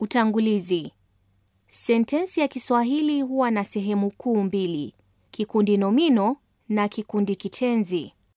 Utangulizi. Sentensi ya Kiswahili huwa na sehemu kuu mbili: kikundi nomino na kikundi kitenzi.